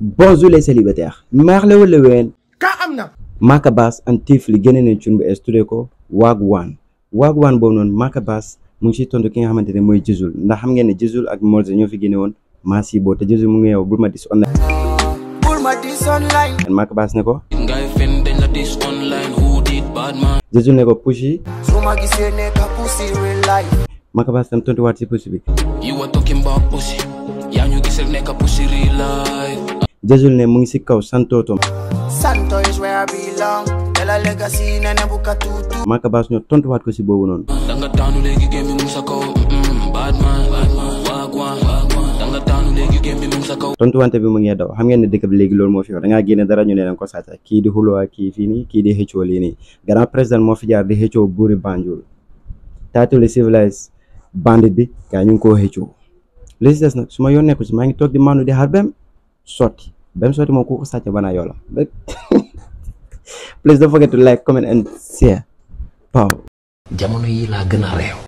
Bonjour les célibataires maarlewule ween ka am Makabas an Tifli génne nañ cun bu es tuddee ko Wagwan Wagwan boobu noonu Makabas mu ngi siy tontu ki nga xamante ne mooy Jizzle ndax xam ngeen ne Jizzle ak Molze ñoo fi génne woon Massi boo te Jizzle mu ngi yow bul ma dis online bul dis online Makabas ne ko ngay fen dañ la dis online who did bad man Jizzle ne ko Pushy su ma gisee ne ka Pushy real life Makabas tam tontuwaat si Pushy bi you are talking about Pushy yaa ñu gis rek ne ka Pushy real life Jazul ne mu ngi si kaw santotom Maka Bass ñoo wat ko si boobu noonu danga daanu léegi gémmi mu sa kaw tontu wante bi mu ngi daw xam ngeen ne dekk bi léegi lool mo fi wax da nga gene dara ñu ne ko saata ki di xuloo kii fii nii ki di hecho li ni grand president mo fi jaar di hecho buri Banjul tatu le civilize bandit bi gaa ñu ngi koo xëccoo li si des nag su ma yoon nekku si ngi tok di manu di harbem soti Bam Shorty moom ku ko sàcc banaa yow la please don't forget to like comment and share waaw jamono yi laa gën a réew